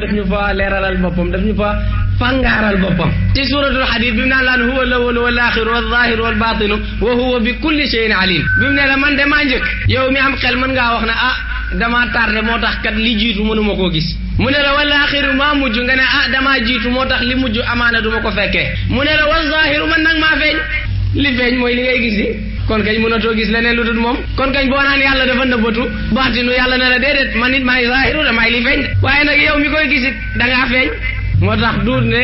daf ñu fa leeralal boppam daf ñu fa fangaaral boppam ci suuratul xadiid bi mu naan wa huwa bi kulli shay'in alim bi mu ne la man de maa njëkk yow mi am xel mën ngaa wax ne ah damaa tardé moo tax kat li jiitu mënuma koo gis mu ne la wal aaxiru maa mujj nga ne ah jiitu moo tax li mujj amaana duma ko fekke mu ne la wal zaahiru feeñ li feeñ mooy li ngay gis kon kañ mënatoo gis leneen lu dul moom kon kañ boo naan yàlla dafa nëbbatu baatinu yàlla ne la déedéet man it maay zaahiru damaay li feeñ de waaye nag yow mi koy gisit dangaa feeñ moo tax duut ne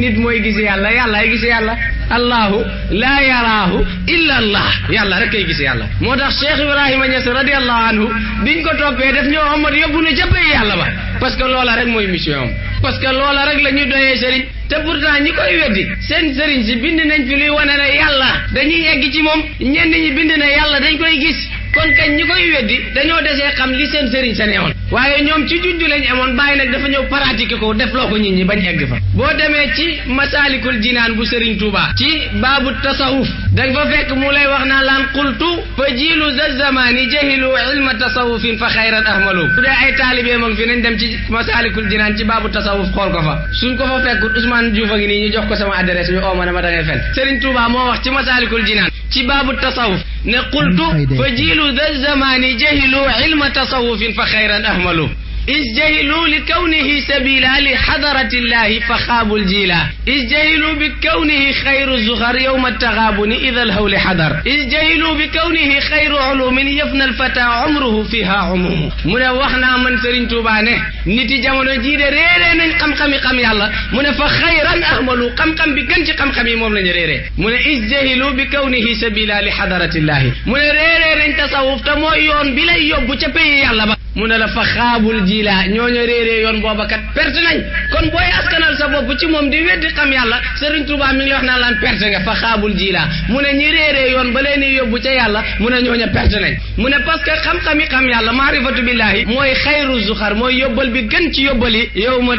nit mooy gis yàlla yàllaay gis yàlla allahu laa yaraahu illa allah yàlla rek kay gis yàlla moo tax Cheikh Ibrahima Niass radiallahu anhu biñ ko toppee def ñoo amat yóbbu ne jëppee yàlla ba parce que loola rek mooy mission am parce que loola rek lañuy ñu doyee sëriñ te pourtant ñi koy weddi seen sëriñ si bind nañ fi luy wane ne yàlla dañuy egg ci moom ñenn ñi bind ne yàlla dañ koy gis kon kañ ñi koy weddi dañoo desee xam li seen sëriñ sa oon waaye ñoom ci junj lañ amoon bàyyi nag dafa ñëw pratiquer ko def loo ko nit ñi bañ egg fa boo demee ci masaalikul jinaan bu sëriñ Touba. ci baabu tasawuf dañ fa fekk mu lay wax naa laan qultu fa jiilu za zamani jahilu ilma tasawufin fa xayran ahmalu su dee ay taalibee moom fi nañ dem ci xool ko fa suñ ko fa fekkut Ousmane Diouf a ngi nii ñu jox ko sama adresse ñu oo ma ma da fen sëriñ Touba moo wax ci masaalikul jinaan ci baabu tasawuf ne qultu fa jiilu da zamaani jahilu ilma tasawufin fa xayran ahmalu is jahilu li kawnihi sabila li xadaratillahi fa xaabul jiila is jahilu bi kawnihi xayru zuxar yowma taxaabuni ida alhawli xadar is jahilu bi kawnihi xayru ulumin yafna alfata umruhu fiha umumu mu ne wax naa man Sëriñ Tuubaa ne nit yi jamono jii de réeree nañ xam-xami xam yàlla mu ne fa xayran ahmalu xam-xam bi gën ci xam-xam yi moom lañu réeree mu ne is jahilu bi kawnihi sabila li xadaratillahi mu ne réeree nañ tasawuf te mooy yoon bi lay yóbbu ca pays yàlla ba mu ne la fa xaabul jiilaa ñooñu réeree yoon booba kat perte nañ kon booy askanal sa bopp ci moom di weddi xam yàlla Serigne Touba mi ngi wax naan laan perte nga fa xaabul jiilaa mu ne ñi réeree yoon ba leen yóbbu ca yàlla mu ne ñooñu perte nañ mu ne parce que xam-xami xam yàlla maarifatu billaahi mooy xayru zuxar mooy yóbbal bi gën ci yóbbal yi yow bu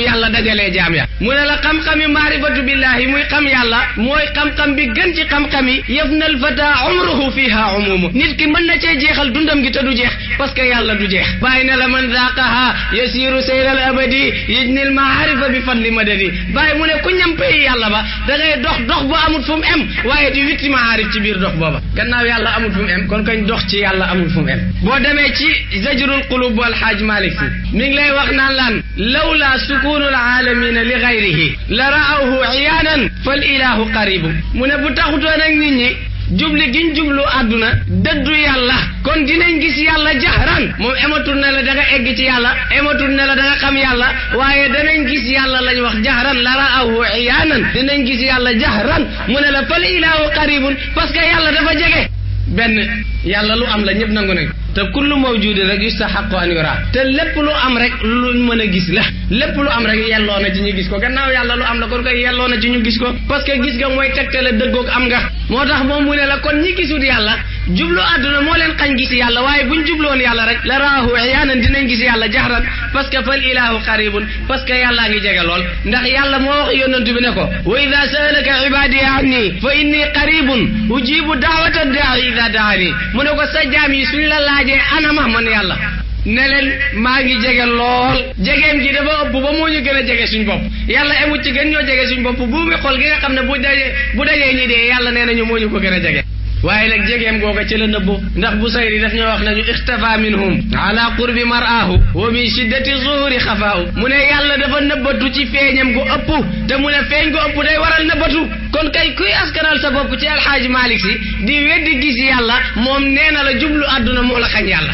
yàlla dajalee jaam ya mu la xam-xami maarifatu billaahi muy xam yàlla mooy xam-xam bi gën ci xam-xam yi yëf nal fata fiha umumu jeexal dundam gi te du du jeex bàyyi na la man zaqaha yasiru seyral abadi yijnil maarifa bi fadli madadi bàyyi mu ne ku ñam pay yàlla ba dox dox bu amul fu em waaye di witti maarif ci biir dox booba gannaaw yàlla amul fu mu em kon kañ dox ci yàlla amul fu mu em boo demee ci zajrul qulub bu alxaaj malik si mi ngi lay wax naan laan lawla sukunul aalamina li gayrihi la raawhu iyaanan fal ilahu qaribu mu ne bu o ak nit ñi jubli gin jublu àdduna dëddu yàlla kon dinañ gis yàlla jahran moom ematul na la da nga egg ci yàlla ematul ne la da nga xam yàlla waaye danañ gis yàlla lañ wax jahran la raahu iyaanan dinañ gis yàlla jahran mu ne la fal ilaahu qaribun parce que yàlla dafa jege benn yàlla lu am la ñëpp nangu nañ te kullu mawjudin rek yustaxaqu an yura te lépp lu am rek lu mën a gis la lépp lu am rek yelloo na ci ñu gis ko gannaaw yàlla lu am la kon koy yelloo na ci ñu gis ko parce que gis nga mooy tegtale dëggoog am nga moo tax moom mu ne la kon ñi gisut yàlla jublu àdduna moo leen xañ gis yàlla waaye buñ jubloon yàlla rek la raahu iyaanan dinañ gis yàlla jaxran parce que fal ilaahu qaribun parce que yàllaa ngi jege lool ndax yàlla moo wax yonent bi ne ko wa ida saalaka ibaadi anni fa inni qaribun ujibu daawata daai ida daani mu ko sa jaam yi suñ la laajee anama man yàlla ne leen maa ngi jege lool jegeen gi dafa ëpp ba moo ñu gën a jege suñ bopp yàlla amut ci gën ñoo jege suñ bopp buumi xol gi nga xam ne bu dajee bu dajee ñi dee yàlla nee nañu moo ko gën a jege waaye nag jegeem googa ci la nëbbu ndax bu Busayri daf ñoo wax nañu ixtafa minhum ala qurbi maraahu wa min shiddati zuhuri xafaahu mu ne yàlla dafa nëbbatu ci feeñam gu ëpp te mu ne feeñ gu ëpp day waral nëbbatu kon kay kuy askanal sa bopp ci alxaaji Malik si di weddi gis yàlla moom nee na la jublu àdduna moo la xañ yàlla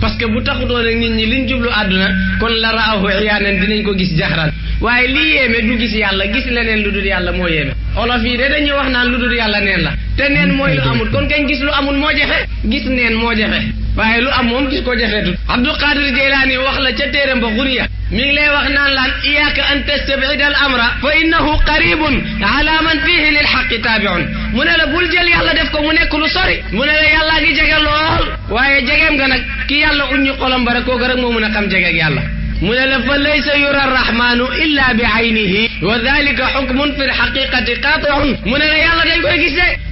parce que bu taxutoon ak nit ñi liñ jublu àdduna kon la raahu iyaanan dinañ ko gis jaxran waaye lii yéeme du gis yàlla gis leneen lu dul yàlla moo yéeme olof yi de dañuy wax naan lu dul yàlla neen la te neen mooy lu amul kon kañ gis lu amul moo jafe gis neen moo jafe waaye lu am moom gis ko jafetul Abdul Qadir Jeylaani wax la ca téeram ba Guniya mi ngi lay wax naan laan iyaaka an tastabida al amra fa innahu qaribun ala man fihi lil xaqi taabiun mu ne la bul jël yàlla def ko mu nekk lu sori mu ne la yàllaa ngi jege lool waaye jegeem nga nag ki yàlla uññu xolam bare rek kooku rek moo mën a xam jegeeg yàlla mu ne la fa laysa yura rahmaanu illa bi aynihi wa dalika xukmun fi lxaqiqati qaatiun mu ne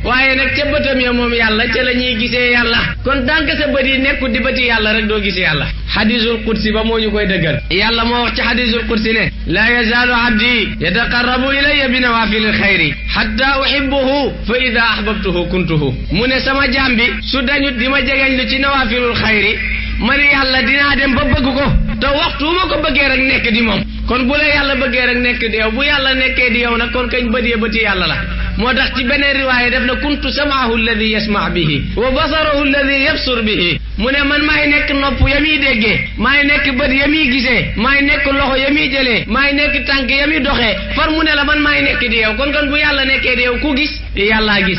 waaye nag ca bëtam ya moom yàlla ca la ñuy gisee yàlla kon dànk sa bët di bëti yàlla rek doo gisee yàlla xadisul qudsi ba moo ñu koy dëggal yàlla moo wax ci xadisul qudsi ne la yazaalu abdi yataqarrabu ilayya bi nawaafilil xayri xatta uhibbuhu fa ida ahbabtuhu kuntuhu mu ne sama jaam bi su dañut di ma jegeñ lu ci nawaafilul xayri man yàlla dinaa dem ba bëgg ko te waxtu ma ko bëggee rek nekk di moom kon bu la yàlla bëggee rek nekk di yow bu yàlla nekkee di yow nag kon kañ bëtee bëti yàlla la moo tax ci beneen riwaaya def na kuntu samaahu alladi yasma bihi wa basarahu alladi yabsur bihi mu ne man maay nekk nopp ya muy déggee maay nekk bët ya muy gisee maay nekk loxo ya muy jëlee maay nekk tànk ya muy doxee far mu ne la man maay nekk di yow kon kon bu yàlla nekkee di yow ku gis yàllaa gis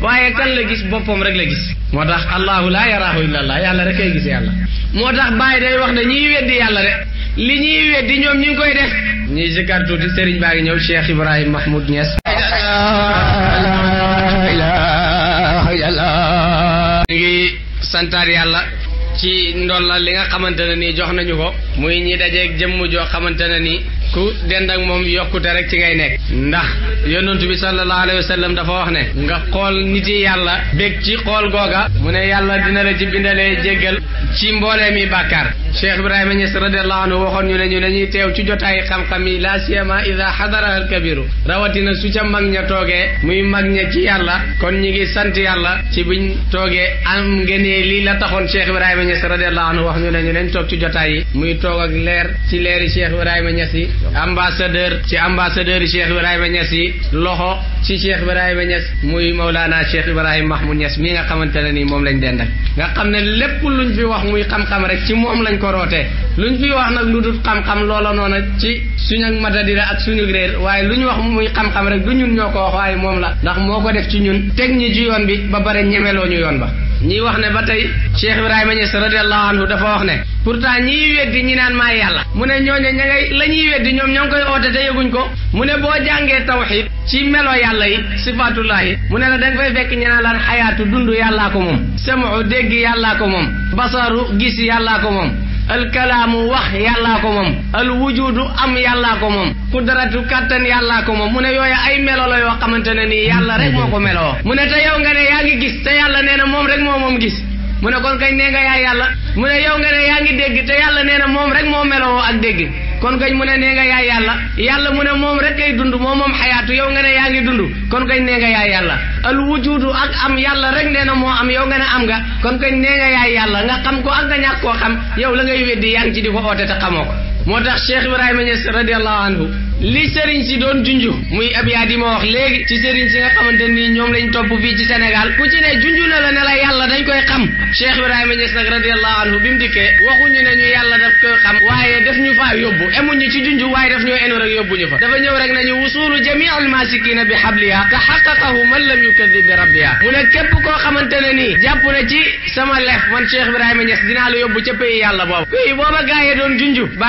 waaye kan la gis boppam rek la moo tax allahu laa yaraahu illa allah yàlla rek ay gis yàlla moo tax bàyyi day wax ne ñiy weddi yàlla de li ñuy weddi ñoom ñu koy def ñuy sikkar tuuti sëriñ baa ngi ñëw Cheikh Ibrahim Mahmoud Niass ñu ngi santaar yàlla ci ndolla li nga xamante ne nii jox nañu ko muy ñi dajeeg jëmm joo xamante ne nii ku dend ak moom yokkute rek ci ngay nekk ndax yonent bi sallallahu alayhi wa sallam dafa wax ne nga xool nit yi yàlla bég ci xool googa mu ne yàlla dina la ci bindalee jéggal ci mboolee mi bàkkaar cheikh ibrahima ñes radiallahu anhu waxoon ñu ne ñu dañuy teew ci jotaay xam-xam yi la siyama ida xadara al kabiru rawatina su ca mag ña toogee muy mag ña ci yàlla kon ñu ngi sant yàlla ci biñ toogee am ngënee lii la taxoon cheikh ibrahima ñes radiallahu anhu wax ñu ne ñu toog ci jotaay yi muy toog ak leer ci leeri cheikh ibrahima ñes yi ambassadeur ci ambassadeur yi Cheikh Ibrahima Niass yi loxo ci Cheikh Ibrahima Niass muy Mawlana Cheikh Ibrahima Mahmoud Niass mi nga xamante ne nii moom lañ dend nga xam ne lépp lu luñ fi wax muy xam-xam rek ci moom lañ ko rootee luñ fi wax nag lu dul xam-xam loola noona ci suñu ak matadira ak suñu réer waaye lu ñu wax muy xam-xam rek du ñun ñoo ko wax waaye moom la ndax moo ko def ci ñun teg ñi ci yoon bi ba bare ñemeloo ñu yoon ba ñiy wax ne ba tey Cheikh Ibrahima Niass radiallahu anhu dafa wax ne pourtant ñiy weddi ñi naan maay yàlla mu ne ñooñu ña ngay la ñuy weddi ñoom ñoo ngi koy oote te yëguñ ko mu ne boo jàngee tawxid ci melo yàlla yi sifaatullah yi mu ne la dem nga fay fekk ñu naan laan xayaatu dund yàllaa ko moom samu dégg yàllaa ko moom basaru gis yàllaa ko moom alkalaamu wax yàllaa ko moom alwujudu am yàllaa ko moom ku qudratu kàttan yàllaa ko moom mu ne yooyu ay melo la yoo xamante ne nii yàlla rek moo ko meloo mu ne te yow nga ne yaa ngi gis te yàlla nee na moom rek moo moom gis mu ne kon kañ nee nga yaay yàlla mu ne yow nga ne yaa ngi dégg te yàlla nee na moom rek moo meloo ak dégg kon gañ mun a nee nga yaay yàlla yàlla mu ne moom rek kay dund moo moom xayaatu yow nga ne yaa ngi dund kon gañ nee nga yaay yàlla al wujudu ak am yàlla rek nee na moo am yow nga ne am nga kon gañ nee nga yaay yàlla nga xam ko ak nga ñàkk koo xam yow la ngay weddi yaa ngi ci di ko oote te xamoo ko moo tax Cheikh Ibrahima Niass radiallahu anhu li sëriñ si doon junj muy abyaat yi ma wax léegi ci sëriñ si nga xamante nii ñoom lañ topp fii ci Sénégal ku ci ne junj na la na la yàlla dañ koy xam Cheikh Ibrahima Niass nag radiallahu anhu bi mu dikkee waxuñu ne ñu yàlla daf koy xam waaye daf ñu faa yóbbu ñu ci junj waaye daf ñoo enu rek yóbbuñu fa dafa ñëw rek nañu wusulu jamii almasikina bi xabliha taxaqaqahu man lam yukadib bi rabbiha mu ne képp koo xamante ne nii jàpp na ci sama lef man Cheikh Ibrahima Niass dinaa la yóbbu ca pays yàlla boobu pays booba gaayee doon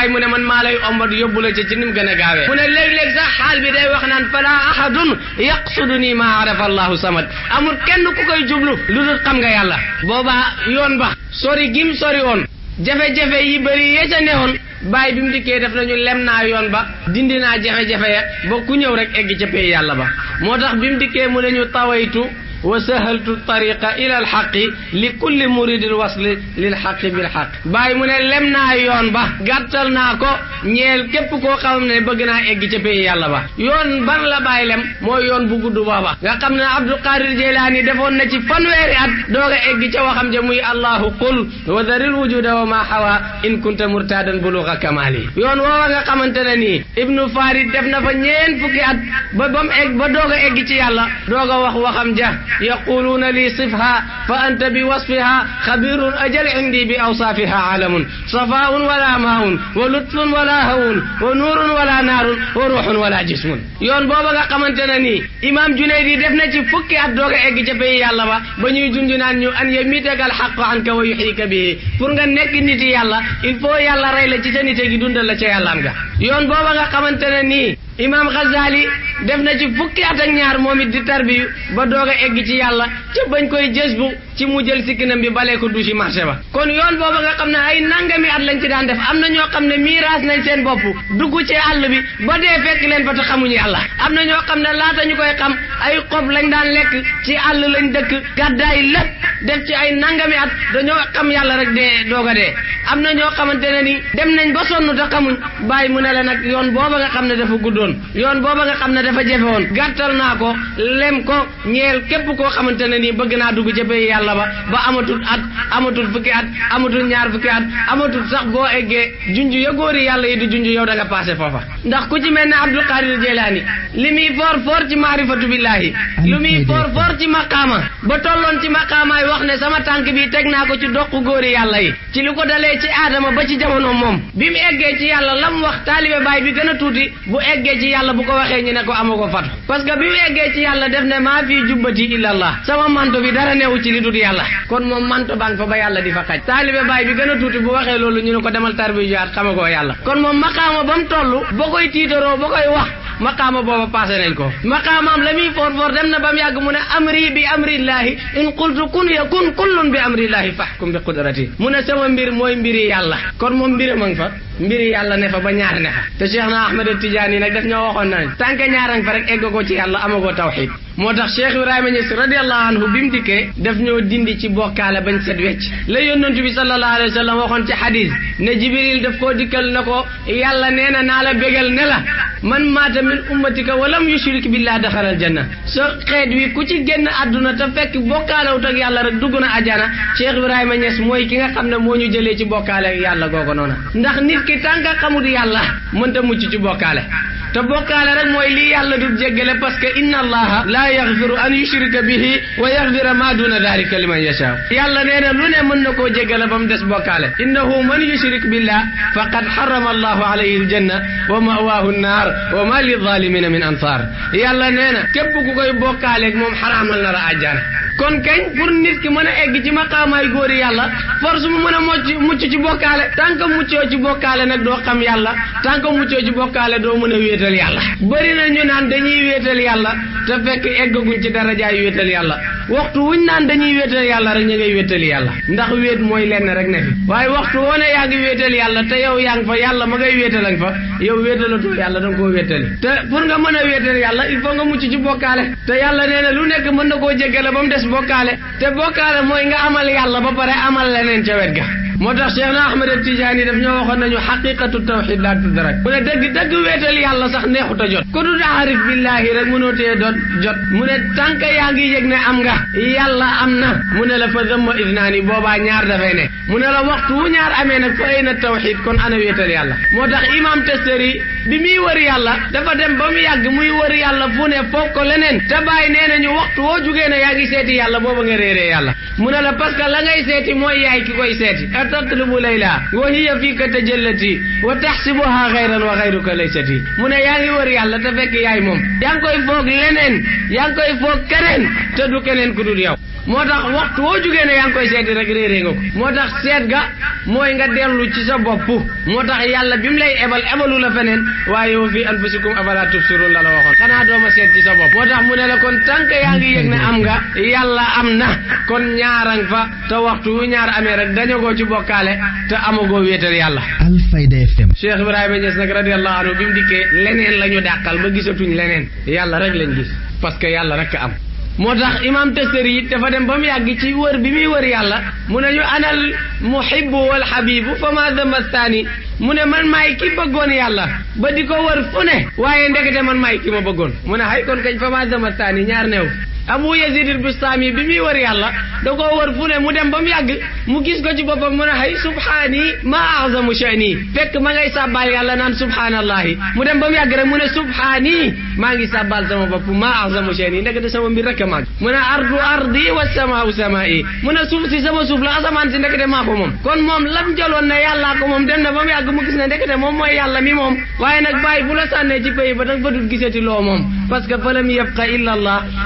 mu ne man maa lay ombat yóbbu la ca a nag léeg-léeg sax xaal bi day wax naan fala ahadun yaqsudu nii maa arafa allahu samad amul kenn ku koy jublu lu dul xam nga yàlla boobaa yoon ba sori gim sori woon jafe-jafe yi bëri yee ca newoon bàyyi bi mu dikkee def nañu lem naa yoon ba dindi naa jafe-jafe ya ba ku ñëw rek egg ca pay yàlla ba moo tax bi mu dikkee mu ne ñu tawaytu wa sahaltu tariqa ila alxaqi li kulli muridin wasli lil xaqi bil xaq bàyyi mu ne naa yoon ba gàttal naa ko ñeel képp koo xam ne bëgg naa egg ca pay yàlla ba yoon ban la bay lem moo yoon bu gudd booba nga xam ne Abdul Qadir Jeylaani defoon na ci fanweeri at dooga egg ca waxam ja muy allahu qul wa daril wujuda wa ma hawa in kunta murtadan buluga kamali yoon woowa nga xamante ne nii ibnu farid def na fa ñeen fukki at ba ba egg ba doog a egg ci yàlla doog a yaquluuna li sifha fa anta bi wasfiha xabirun ajal indi bi awsaafiha alamun safaun wala maun wa lutfun wala hawun wa nuurun wala naarun wa ruuxun wala jismun yoon booba nga xamante ne nii imaam Junayd yi def na ci fukki at dooga egg ca pay yàlla ba ba ñuy junj naan ñu an yamitakal xaq an ka wa yuxiika bihi pour nga nekk niti yàlla il faut yàlla rey la ci sa nite gi dundal la ca yàllaam ga yoon booba nga xamante ne nii imaam Ghazali def na ci fukki at ak ñaar moom it di tarbiyu ba doog a egg ci yàlla ca bañ koy jës bu ci mu jël sikkinam bi balee ko du duusi marché ba kon yoon booba nga xam ne ay nangami at lañ ci daan def am na ñoo xam ne miiras nañ seen bopp dugg ci àll bi ba dee fekk leen ba te xamuñu yàlla am na ñoo xam ne laata ñu koy xam ay xob lañ daan lekk ci àll lañ dëkk gàddaay lépp def ci ay nangami at dañoo xam yàlla rek dee doog a dee am na ñoo xamante ne nii dem nañ ba sonn te xamuñ bàyyi mu ne la nag yoon booba nga xam ne dafa guddoon yoon booba nga xam ne dafa jefewoon gàttal naa ko lem ko ñeel képp koo xamante ne ni bëgg naa dugg ca pay yàlla ba ba amatul at amatul fukki at amatul ñaar fukki at amatul sax ya góori yàlla yi di junj da nga passé foofa ndax ku ci mel ne Abdul Qadir Jelaani li muy foor foor ci maarifatu billahi lu muy foor foor ci maqaama ba tolloon ci maqaamaay wax ne sama tànk bi teg naa ko ci doq góori yàlla yi ci lu ko dalee ci aadama ba ci jamono moom bi mu eggee ci yàlla lam wax taalibe baay bi gën a tuuti bu eggee ci yàlla bu ko waxee ñu ne ko ama ko fatu parce que eggee ci yàlla def ne maa fii jubbati illallah sama manto bi dara neewu ci li du tudd yàlla kon moom manto baa fa ba yàlla di fa xaj taalibe baay bi gën a tuuti bu waxee loolu ñu ne ko demal tarbi jiwaat xamagoo yàlla kon moom maqaama ba mu toll ba koy tiitaroo ba koy wax maqaama booba passé nañ ko maqaamaam la muy foor foor dem na ba mu yàgg mu ne amri bi in qultu kun yakun kullun bi amrillahi fahkum bi qudrati mu ne sama mbir mooy mbiri yàlla kon moom mbiri ma ngi fa mbiri yàlla ne ba ñaar ne fa te na Ahmed Tidiane nag daf ñoo waxoon nañ moo tax Cheikh Ibrahima Niass radiallahu anhu bi mu dikkee daf ñoo dindi ci bokkaale bañ set wecc la yonent bi sallallahu alayhi wa sallam waxoon ci xadis ne jibril daf koo dikkal na ko yàlla nee na naa la bégal ne la man maata min ummatika walam yushrik billah daxalal janna sa xeet wi ku ci génn àdduna te fekk bokkaalewut ak yàlla rek dugg na ajana Cheikh Ibrahima Niass mooy ki nga xam ne moo ñu jëlee ci bokkaale yàlla googu noona ndax nit ki tànka xamul yàlla yàlla du jéggale parce que inna allaha laa yaxfiru an yushrika bihi wa yaxfira ma duna dalika liman yashaa yàlla nee na lu ne mën na koo jégale ba mu des bokkaale innahu man yushrik billah faqad xarama allahu alayhi aljanna wa mawaahu nnaar wa ma lizalimina min ansaar yàlla nee na képp ku koy bokkaaleeg moom xaraamal na la àjjana kon kañ pour nit ki mën a egg ci maqaamaay góori yàlla force mu mën a mocc mucc ci bokkaale tant que muccoo ci bokkaale nag doo xam yàlla tant muccoo ci bokkaale doo mën a wéetal yàlla bëri na ñu naan dañuy wéetal yàlla te fekk eggaguñ ci darajaay wéetal yàlla waxtu wuñ naan dañuy wéetal yàlla rek ñu ngay wéetal yàlla ndax wéet mooy lenn rek ne fi waaye waxtu woone yaa ngi wéetal yàlla te yow yaa ngi fa yàlla ma ngay wéetal nga fa yow wéetalatoo yàlla da koo wéetali te pour nga mën a wéetal yàlla il faut nga mucc ci bokkaale te yàlla nee na lu nekk mën na koo jéggale ba mu des des bokkaale te bokkaale mooy nga amal yàlla ba pare amal leneen ca wet ga moo tax Cheikh na Ahmed Tidiane daf ñoo waxoon nañu xaqiqatu tawxid laa tudrak mu ne dëgg dëgg wéetal yàlla sax neexut a jot ku dul aarif billaahi rek mënoo tee doot jot mu ne tànk yaa ngi yëg ne am nga yàlla am na mu ne la fa dëmma isnaani boobaa ñaar dafay ne mu ne la waxtu wu ñaar amee nag fa ay na tawxid kon ana wéetal yalla moo tax imam testeri bi muy wër yàlla dafa dem ba mu yàgg muy wër yàlla fu ne foog ko leneen te bàyyi nee nañu waxtu woo jugee ne yaa ngi seeti yàlla booba nga réeree yàlla mu ne la parce que la ngay seeti mooy yaay ki koy seeti a tatlubu layla wa hiya fii ka tajallati wa taxsibuha xayran wa xayruka laysati mu ne yaa ngi wër yàlla te fekk yaay moom yaa ngi koy foog leneen yaa ngi koy foog keneen te du keneen ku dul yow moo tax waxtu woo jugee ne yaa ngi koy seeti rek réeree nga moo tax seet ga mooy nga dellu ci sa bopp moo tax yàlla bi mu lay ebal ebalu la feneen waaye wa fi anfusikum afala tubsirun la la waxoon xanaa dooma seet ci sa bopp moo tax mu ne la kon tànk yaa ngi yëg ne am nga yàlla am na kon ñaarang fa te waxtu wu ñaar amee rek dañagoo ci bokkaale te amagoo wéetal yàlla Alfayda FM Cheikh Ibrahima Niass nag radiallahu anhu bi mu leneen la ñu dàqal ba gisatuñ leneen yàlla rek leen gis parce que yàlla rek a am moo tax imam Tastari it dafa dem ba mu yàgg ci wër bi muy wër yàlla mu ne ñu anal muhibbu wal habibu fa ma damastaani mu ne man maay ki bëggoon yàlla ba di ko wër fu ne waaye ndekete man maay ki ma bëggoon mu ne hay kon kañ fa ma damastaani ñaar neew abu yazid al bustaami bi muy wër yàlla da ko wër fu mu dem ba mu yàgg mu gis ko ci boppam mu ne xëy subhaani ma azamu shani fekk ma ngay sàbbaal yàlla naan subhaanallahi mu mu yàgg rek mu ne subhaani maa ngi sàbbaal sama bopp ma azamu shani ndek de sama mbir rek a màgg mu ardi wa samaau samaai mu ne suuf si sama suuf la asamaan si ndek de maa kon moom lam jëloon ne yàllaa ko moom dem na ba mu yàgg mu gis ne ndek de moom mooy mi moom waaye nag bàyyi bu la sànnee ci pays ba dag ba dul gisati loo moom parce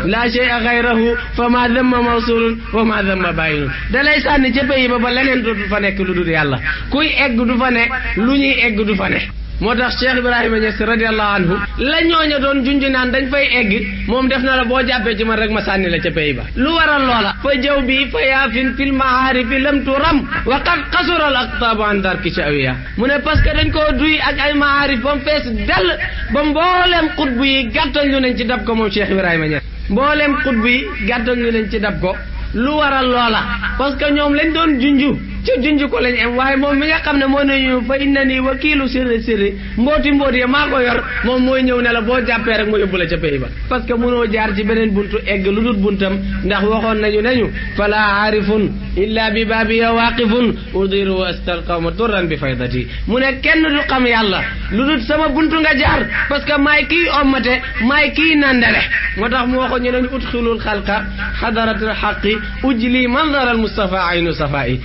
la shay'a ghayrahu wa ma damma bàyyi ba ba leneen du fa nekk lu dul yàlla kuy egg du fa ne lu ñuy egg du fa ne moo tax Cheikh Ibrahima Niass radiallahu anhu la ñooña doon junj naan dañ fay egg moom def na la boo jàppee ci man rek ma sànni la ca pay ba lu waral loola fa jaw bi fa yaafin fil mahaarifi lam turam wa qad xasural aqtaabu an darki shawiya mu ne parce que dañ koo duy ak ay mahaarif ba mu fees dell ba mbooleem xutbu yi gàttal ñu nañ ci dab ko moom Cheikh Ibrahima Niass mbooleem xutbu yi gàttal ñu lu waral loola parce que ñoom lañ doon junju ci junj ko lañ am waaye moom mi nga xam ne moo ne ñu fa inna nii wakiilu sirri sirri mbooti mbooti maa ko yor moom mooy ñëw ne la boo jàppee rek mu yóbbu la ca pay ba parce que mënoo jaar ci beneen buntu egg lu dul buntam ndax waxoon nañu nañu fala aarifun illa bi baabiya waaqifun udiru wa astalqawma durran bi faydati mu ne kenn du xam yàlla lu dul sama buntu nga jaar parce que maay kii ommate maay kii nandale moo tax mu waxoon ñu nañu udxilul xalqa xadaratul xaqi ujli mandaral mustafa aynu safaa'i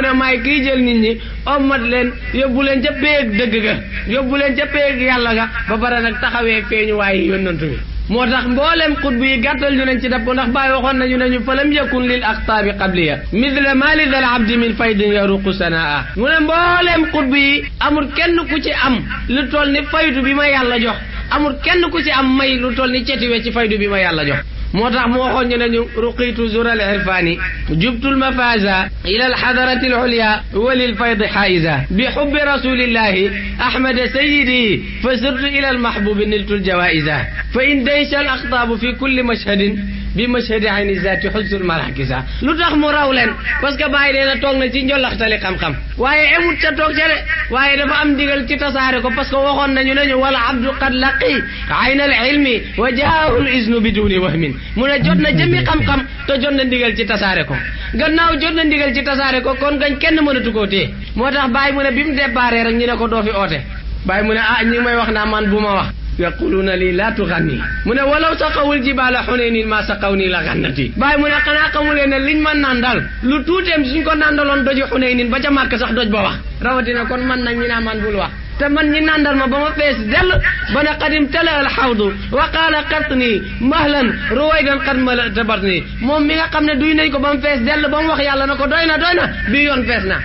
mu ne maay kiy jël nit ñi ommat leen yóbbu leen ca péeg dëgg ga yóbbu leen ca péeg yàlla ga ba pare nag taxawee feeñu waaye yónnantu bi moo tax mboolem xutb yi gàttal ñu nañ ci dëpp ndax bàyyi waxoon nañu ne ñu falam yakun lil aqtaabi qabliya mithla ma li dal abdi min faydin yaruqu sanaa mu ne mboolem xutb yi amul kenn ku ci am lu toll ni faydu bi ma yàlla jox amul kenn ku ci am may lu toll ni cetiwe ci faydu bi ma yàlla jox moo tax mu waxoon ñu ne ñu ruqitu zural irfaani jubtul mafaza ila alxadarati alxulya wa lil faydi xaaisa bi xubbi rasulillahi ahmada sayidi fa sirtu ila almahbubi niltu aljawaisa fa in daysa alaxtaabu fi kulli mashhadin bi mashhadi ayni zaati xusnul marakisa lu tax mu raw leen parce que bàyyi nee na toog na ci njolaxtali xam-xam waaye emut ca toog ca de waaye dafa am ndigal ci tasaare ko parce que waxoon nañu nañu wala abdu qad laqi ayna al ilmi wa jaahu al iznu biduni wahmin mu ne jot na jëmmi xam-xam te jot na ndigal ci tasaare ko gannaaw jot na ndigal ci tasaare ko kon gañ kenn mënatu koo téye moo tax baay mu ne bi mu déparé rek ñu ne ko doo fi oote bàyyi mu ne ah, ñi may wax na man bu ma wax yaquluuna lii laa tuxanni mu ne walaw saqawul jibaala xunenin maa sa saqaw nii la xannati bàyyi mu ne xanaa xamulee ne liñ ma nandal lu tuuteem suñ ko nandaloon doji xunenin ba ca màkk sax doj ba wax rawatina kon man nañ ñi naa man bul te man ñi nandal ma ba ma fees dell ba ne xadim tala al xawdu wa qaala qartni mahlan ruwaydan qad malatabart nii moom mi nga xam ne duy nañ ko ba mu fees dell ba mu wax yàlla na ko doy na doy na bii yoon fees na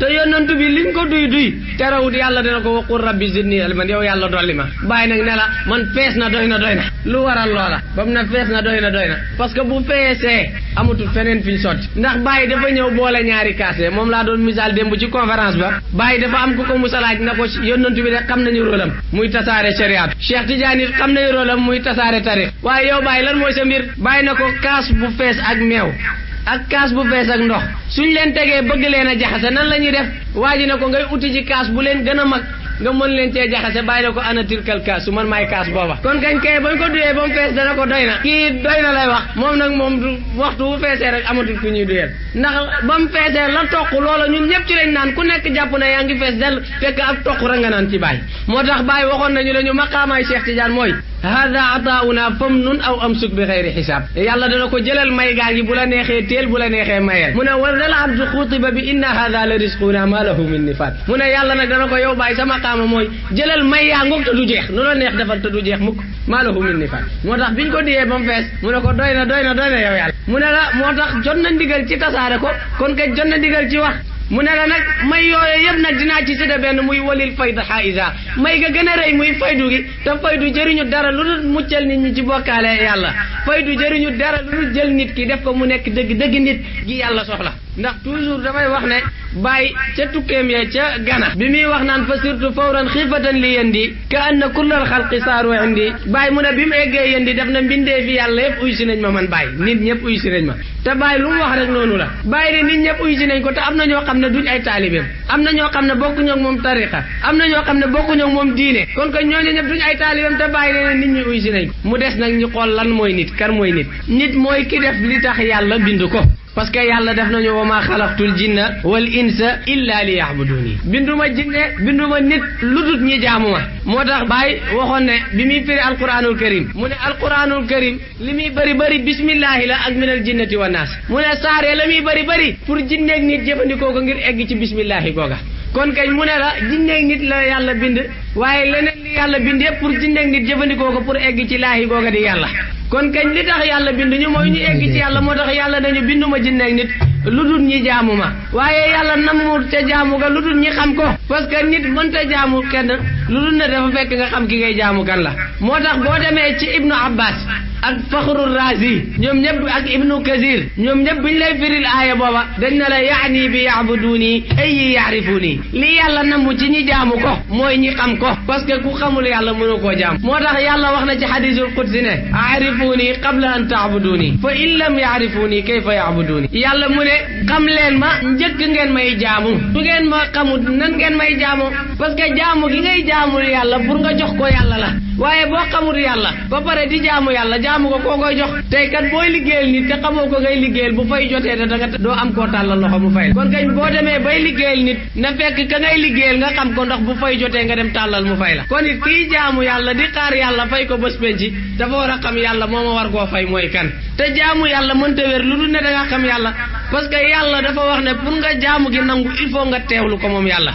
te yonantu bi liñ ko duy duy terewut yàlla dina ko waqul rabbi zidni ilman yow yàlla dolli ma bàyyi nag ne la man fees na doy na doy na lu waral loola ba mu ne fees na doy na doy na parce que bu feesee amatul feneen fi ñu ndax bàyyi dafa ñëw boole ñaari kaase moom laa doon misaal démb ci conférence ba bàyyi dafa am ku ko musalaaj na ko yonantu bi de xam nañu rôlam muy tasaare shariat Cheikh Tidiane it xam nañu rôlam muy tasaare tarix waaye yow bàyyi lan mooy sa mbir bàyyi na ko kaas bu fees ak meew ak kaas bu bees ak ndox suñ leen tegee bëgg leen a jaxase nan la ñuy def waa ji ne ko ngay uti ci kaas bu leen gën a mag nga mën leen cee jaxase bàyyi na ko ana tilkal kaas su man maay kaas booba kon kañ kay bañ ko duyee ba mu fees dana ko doy na kii doy na lay wax moom nag moom du waxtu bu feesee rek amatul ku ñuy duyeel ndax ba mu feesee la toq loola ñun ñëpp ci lañ naan ku nekk jàpp na yaa ngi fees dell fekk ak toq rek nga naan ci bàyyi moo tax bàyyi waxoon nañu la ñu maqaamaay Cheikh Tidiane mooy hada atauna famnun aw amsuk bi xeyri xisaab yàlla dana ko jëlal may gaa ngi bu la neexee téel bu la neexee mayeel mu ne war dal abdu xutiba bi inna hada la risquna ma lahu min nifaat mu ne yàlla nag dana ko yow bàyyi sama xaama mooy jëlal may yaa ngoog te du jeex lu la neex defal te du jeex mukk ma lahu min nifaat moo tax biñ ko diyee ba mu fees mu ne ko doy na doy na doy na yow yàlla mu ne la moo tax jot na ndigal ci tasaare ko kon kat jot na ndigal ci wax mu ne la nag may yooyu yëpp nag dinaa ci tudde benn muy walil faydu xaayisa may ga gën a rëy muy faydu gi te faydu jëriñu dara lu dul muccal nit ñi ci bokkaale yàlla faydu jëriñu dara lu dul jël nit ki def ko mu nekk dëgg dëgg nit gi yàlla soxla ndax toujours damay wax ne bàyyi ca tukkeem ya ca gana bi muy wax naan fa surtout fawran xiifatan li yendi ka anna kullal xalqi saaru indi bàyyi mu ne bi mu eggee yendi daf na mbindee fi yàlla yëpp uy si nañ ma man bàyyi nit ñëpp uy si nañ ma te bàyyi lu mu wax rek noonu la bàyyi ne nit ñëpp uy nañ ko te am na ñoo xam ne duñ ay taalibeem am na ñoo xam ne bokkuñu ak moom tariqa am na ñoo xam ne bokkuñu ak moom diine kon ko ñooñu ñëpp duñ ay taalibeem te bàyyi ne nit ñi uy si nañ ko mu des nag ñu xool lan mooy nit kan mooy nit nit mooy ki def li tax yàlla bind ko parce que yàlla def nañu wa maa xalaqtul jinna wal insa illa li yahbuduni binduma jinne binduma nit lu dut ñi jaamu ma moo tax bay waxoon ne bi muy firi alquranul karim mu ne alquranul karim li muy bëri bëri bismillahi la ak minal jinnati wa naas mu ne saare la muy bëri bëri pour jinneeg nit jëfandikoo ko ngir egg ci bismillahi googa kon kañ mu ne la jinneeg nit la yàlla bind waaye leneen li yàlla bind yëpp pour jinneeg nit jëfandikoo ko pour egg ci laahi googa di yàlla kon kañ li tax yàlla bind ñu mooy ñu egg ci yàlla moo tax yàlla nañu binduma jinneeg nit lu dul ñi jaamu ma waaye yàlla nammu ca jaamu ga lu dul ñi xam ko parce que nit mënta jaamu kenn lu dul ne dafa fekk nga xam ki ngay jaamu kan la moo tax boo demee ci ibnu abbas ak faxru razi ñoom ñëpp ak ibnu kasir ñoom ñëpp biñ lay firil aaya booba dañ na la yaani bi yaabuduuni ay yi yaarifuuni li yàlla namu ci ñi jaamu ko mooy ñi xam ko parce que ku xamul yàlla mënu koo jaam moo tax yàlla wax na ci xadisul qudsi ne aarifuuni qabla an ta taabuduuni fa in lam yaarifuuni kayfa yaabuduuni yàlla mu ne xam leen ma njëkk ngeen may jaamu su ngeen ma xamut nan ngeen may jaamu parce que jaamu ki ngay jaamul yàlla pour nga jox ko yàlla la waaye boo xamul yàlla boo paree di jaamu yàlla jaamu ko koo koy jox tey kat booy liggéeyal nit te xamoo ko ngay liggéeyal bu fay jotee te danga doo am koo tàllal loxo mu fay kon kañ boo demee bay liggéeyal nit na fekk ka ngay liggéeyal nga xam ko ndax bu fay jotee nga dem tàllal mu fay la kon it kii jaamu yàlla di xaar yàlla fay ko bés penc dafa war a xam yàlla moo ma war koo fay mooy kan te jaamu yàlla mënta wér lu dul ne da nga xam yàlla parce que yàlla dafa wax ne pour nga jaamu gi nangu il faut nga teewlu ko moom yàlla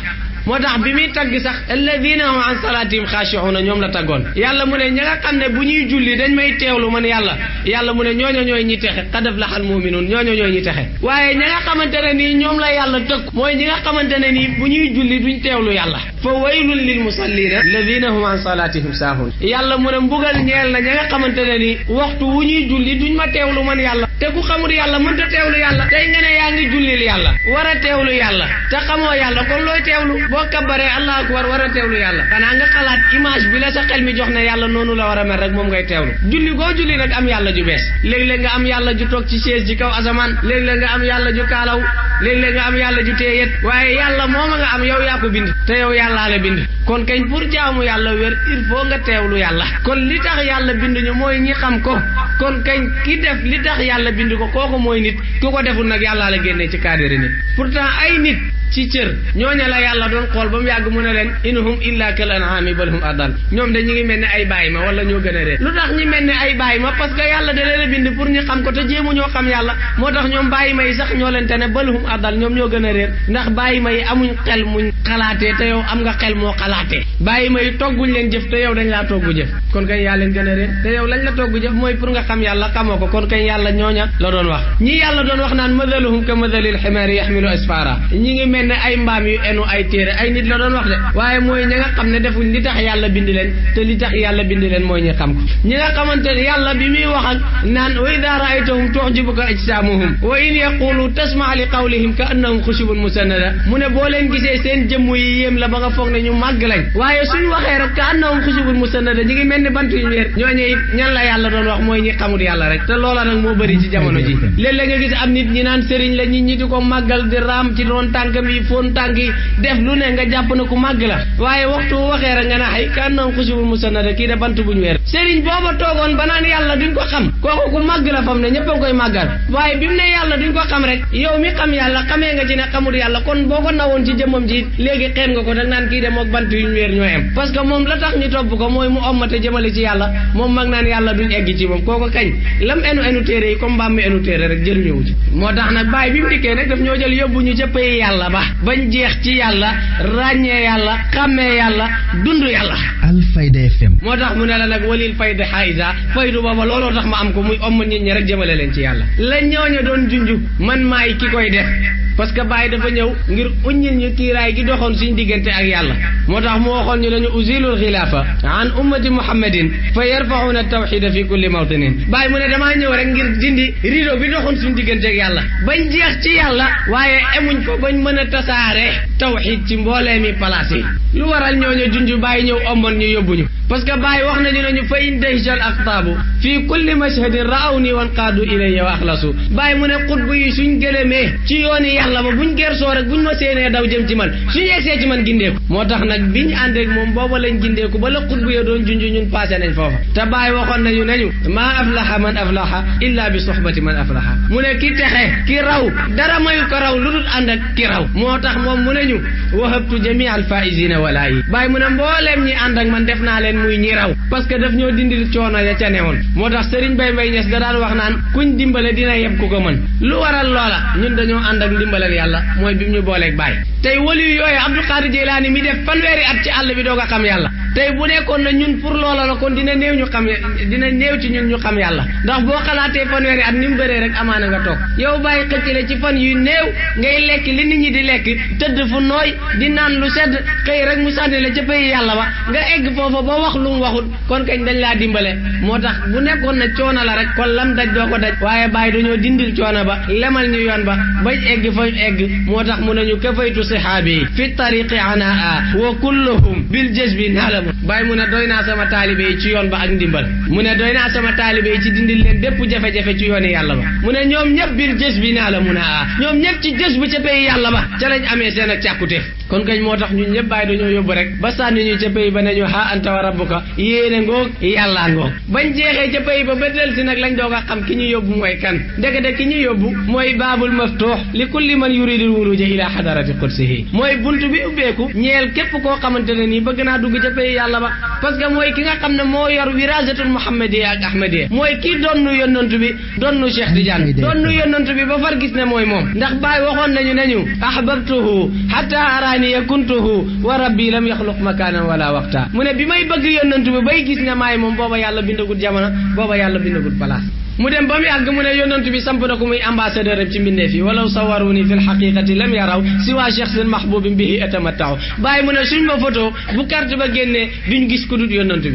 moo tax bi muy tagg sax alladina hum an la taggoon yàlla mu ne ña nga xam ne bu ñuy julli dañ may teewlu man yàlla yàlla mu ne ñooño ñooy ñi texe qad aflaha al muminuun ñooño ñooy ñi texe waaye ña nga xamante ne nii ñoom la mooy ñi nga xamante ne nii bu ñuy julli duñ teewlu yàlla fa waylun lil musallina alladina hum an salaatihim saahun yàlla mu ne mbugal ñeel na ña nga xamante ne nii waxtu wu ñuy julli duñ ma teewlu man yàlla te ku xamul yàlla mënta teewlu yàlla tey nga ne yaa ngi jullil yàlla war a teewlu yàlla te xamoo yàlla kon looy teewlu boo kabaree allah akbar war a teewlu yàlla xanaa nga xalaat image bi la sa xel mi jox ne yàlla noonu la war a mel rek moom ngay teewlu julli koo julli nag am yàlla ju bees léeg-léeg am yàlla ju toog ci chaise ji kaw asamaan léeg-léeg nga am yàlla ju kaalaw léeg-léeg nga am yàlla ju teeyet waaye yàlla mooma nga am yow yaa ko bind te yow yàllaa la bind kon kañ pour jaamu yàlla wér il faut nga teewlu yàlla kon li tax yàlla bind ñu mooy ñi xam ko kon kañ ki def li tax yàlla bind ko kooku mooy nit ku ko deful nag yàllaa la génnee ci cadre ci cër ñooña la yàlla doon xool ba mu yàgg mu ne leen in hum illa kal an'ami bal hum adal ñoom de ñu ngi mel ni ay bàyyi ma wala ñoo gën a réer lu tax ñi mel ni ay bàyyi ma parce que yàlla da leen a bind pour ñu xam ko te jéemu ñoo xam yàlla moo tax ñoom bàyyi ma yi sax ñoo leen tane bal hum adal ñoom ñoo gën a réer ndax bàyyi ma yi amuñ xel muñ xalaatee te yow am nga xel moo xalaatee bàyyi ma yi togguñ leen jëf te yow dañ laa toggu jëf kon kañ yaa leen a réer te yow la toggu jëf mooy pour nga xam yàlla ko kon kañ yàlla ñooña la doon wax ne ay mbaam yu enu ay téere ay nit la doon wax de waaye mooy ñi nga xam ne defuñ li tax yàlla bind leen te li tax yàlla bind leen mooy ñi xam ne yàlla wa ida raaytahum tujibuka ajsaamuhum wa in yaqulu tasmaa li qawlihim ka annahum xushubun musannada mu ne boo leen gisee seen la ba nga foog ne la yàlla doon wax mooy ñi xamul yàlla rek te loola nag moo bëri ci jamono ji léeg nga gis am nit ñi naan sëriñ la ñi di ko màggal di raam ci doon tànk yaram wi foon tànk yi def lu ne nga jàpp na ku màgg la waaye waxtu waxee rek nga naa xay kan noon xusibul musannada a koy mu ne kii de mook bant yuñ weer ñoo em parce moom la tax ñu topp ko mooy mu ommate jëmale ci yàlla moom mag naan yàlla duñ egg ci moom kooku kañ lam enu enu téere yi comme mbaam mi enu téere rek jëriñëwu ci moo tax nag bàyyi bi mu dikkee nag daf ñoo jël yóbbu ñu ca pay yàlla ba bañ jeex ci yàlla ràññee yàlla xàmmee moo tax mu ne la nag walil fayda xaayisa faydu booba looloo tax ma am ko muy om nit ñi rek leen ci yàlla. la ñooñu doon junju man maay ki koy def parce que Baye dafa ñëw ngir uññil ñu kiiraay gi doxoon suñu diggante ak yàlla moo tax mu waxoon ñu dañu usilul xilaafa an ummati muhammadin fa yarfauna tawxida fi kulli mawtinin Baye mu ne damaa ñëw rek ngir dindi rido bi doxoon suñu diggante ak yàlla bañ jeex ci yàlla waaye emuñ ko bañ a tasaare tawxiid ci mboolee mi palaas yi lu waral ñooñu junj bàyyi ñëw omoon ñu yóbbuñu parce que Baye wax nañu ne ñu fa in dahijal aqtaabu fii kulli mashhadin raaw nii wan qaadu ilayya axlasu Baye mu ne xutbu yi ci yooni yàlla ba buñ gersoo rek buñ daw jëm ci man suñ man gindeeku moo tax nag biñ ànd ak boo booba lañ gindeeku ba la xutbu ya doon junj ñun passé nañ foofa te Baye waxoon nañu nañu maa aflaha man aflaha illa bi soxbati man aflaha mu ne ki texe ki raw dara mayu ko raw lu dul ànd ak ki raw moo tax moom mu ne ñu wahabtu jamia alfaisina walaa yi Baye mu ne leen muy ñi raw parce que daf ñoo dindil coono ya ca newoon moo tax Serigne Baye Mbaye Niass da daan wax naan kuñ dimbale dina yeb ku ko lu waral loola ñun dañoo ànd ak yàlla mooy bi mu ñu booleeg bàyyi tey waliyu yooyu Abdul Qadir Jeylaani mi def fanweeri at ci àll bi doog a xam yàlla tey bu nekkoon na ñun pour loola la kon dina néew ñu xam dina néew ci ñun ñu xam yàlla ndax boo xalaatee fanweeri at ni mu bëree rek amaana nga toog yow bàyyi xëccale ci fan yu néew ngay lekk li nit ñi di lekk tëdd fu nooy di naan lu sedd xëy rek mu sànni la ca pay yàlla ba nga egg foofa ba wax lu mu waxut kon kañ dañ laa dimbale moo tax bu nekkoon na coono la rek kon lam daj doo ko daj waaye bàyyi dañoo dindil coono ba lemal ñu yoon ba bañ egg fañ egg moo tax mu nañu kafaytu sihaabi fi tariqi ndogu bàyyi mu ne doy naa sama taalibe yi ci yoon ba ak ndimbal mu ne doy naa sama taalibe yi ci dindil leen bépp jafe-jafe ci yooni yàlla ba mu ne ñoom ñëpp biir jës bi naa la mun a ñoom ñëpp ci jës bu ca pays yàlla ba ca lañ amee seen ak càkkutéef kon kañ moo tax ñun ñëpp bàyyi dañoo yóbbu rek ba sànni ca pays ba ne ha anta wa rabbuka yéene ngoog yàlla ngoog bañ jeexee ca pays ba ba del si nag lañ doog a xam ki ñu yóbbu mooy kan ndekete ki ñu yóbbu mo baabul maftuux li kulli man yuridu wuruja ila xadarati qudsihi mooy bunt bi ubbeeku ñeel képp koo xamante ne nii bëgg naa yàlla ba parce mooy ki nga xam ne moo yor wiraasatul muhammadiya ak ahmadiya mooy kii donnu yonantu bi donnu Cheikh Tidiane donnu yonantu bi ba far gis ne mooy moom ndax bay waxoon nañu nañu ahbabtuhu hatta araani yakuntuhu wa rabbi lam yaxluq makaanan wala waqta mu ne bi may bëgg yonantu bi bay gis ne maay moom booba yàlla bindagul jamono booba yàlla bindagul place mu dem ba mu yàgg mu ne yonent bi samp na ko muy ambassadeur am ci mbindeef sawaruni fi lxaqiqati lam yaraw siwa shaxsin mu ne suñ ma ba génnee duñ gis ku dut yonent bi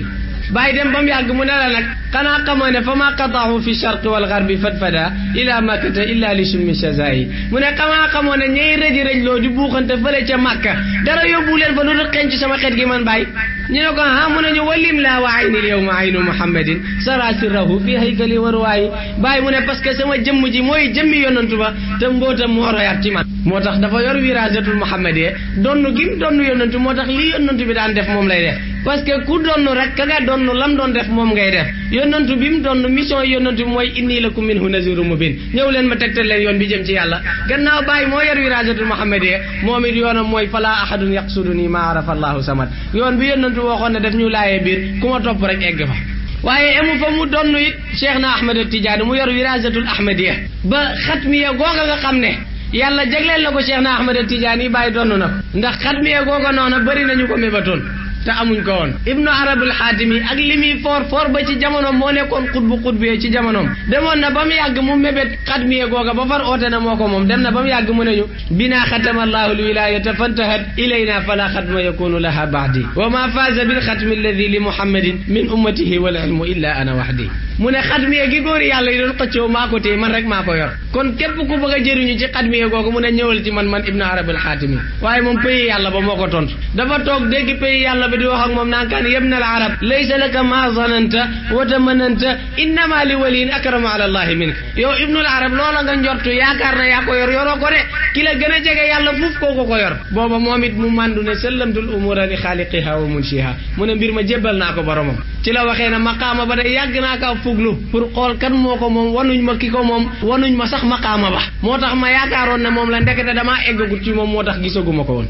dem ba mu yàgg mu ne la nag xanaa xamoo ne fa ma qataahu fi charqi wal garbi fadfada ila makkata illa li summi shazayi mu ne xamaa xamoo ne ñay rëji rëj loo di buuxante fële ca màkka dara yo leen fa lu dul xenc sama xet man bàyyi ñu ne ko ah mu ne ñu walim laa wa aynil yawma aynu muhammadin sara sirrahu fii haykali waruwaayi bàyyi mu ne parce que sama jëmm ji mooy jëmmi yonantu ba te mbootam moo royaat ci man moo tax dafa yor wirasatul muhammadiya donn gim donn yonantu moo tax lii yonantu bi daan def moom lay def parce que ku donn rek ka nga donn lam doon def moom ngay def yonantu bi mu donn mission yonantu bi mooy inni lakum minhu nazirun mubin ñëw leen ma tegtal bi jëm ci yàlla gannaaw bàyyi moo yor wiraasatul muhammadiya moom it yoonam mooy falaa ahadun yaqsuduni ma arafa allahu samad yoon bi yonantu waxoon ne daf ñu laayee biir ku ma topp rek egg fa waaye emu fa mu donn it cheikh na ahmada tijaani mu yor wiraasatul ahmadiya ba xatmiya googa nga xam ne yàlla jagleel na ko cheikh na ahmada tijaani yi bàyyi donn na ko ndax xatmiya googa noona bëri nañu ko mébatoon te amuñ ko woon ibnu arabul xaatim yi ak li muy foor foor ba ci jamonoom moo nekkoon xutbu xutbee ci jamonoom demoon na ba mu yàgg mu mébét xatmiye googa ba far oote na moo ko moom dem na ba mu yàgg mu neñu binaa xatama allahu lwilayata fantahat ilayna fala xatma yakunu laha baadi wa ma faaza bilxatmi alladi li muhammadin min ummatihi wal gi góori yàlla yi doon xëccoo maa ko man rek maa ko yor kon képp ku bëgg a jëriñu ci xatmiye googa mu ne ci man man ibnu arabul xaatim yi waaye moom ko tontu bi di wax ak moom naan kaan yabna al arab laka ma zananta wa tamananta innama li waliyin akrama ala allahi minka yow ibnul arab loola nga njortu yaakaar na yaa ko yor yoroo ko de ki la gën a jege yàlla fuuf kooku ko yor booba moom it mu màndu ne sallamtul umura li xaaliqiha wa munshiha mu mbir ma jébbal naa ko boromam ci la waxee ne maqaama ba de yàgg naa kaa fuglu pour xool kan moo ko moom wanuñ ma ki ko moom wanuñ ma sax maqaama ba moo tax ma yaakaaroon ne moom la ndekete damaa eggagut ci moom moo tax gisaguma ko woon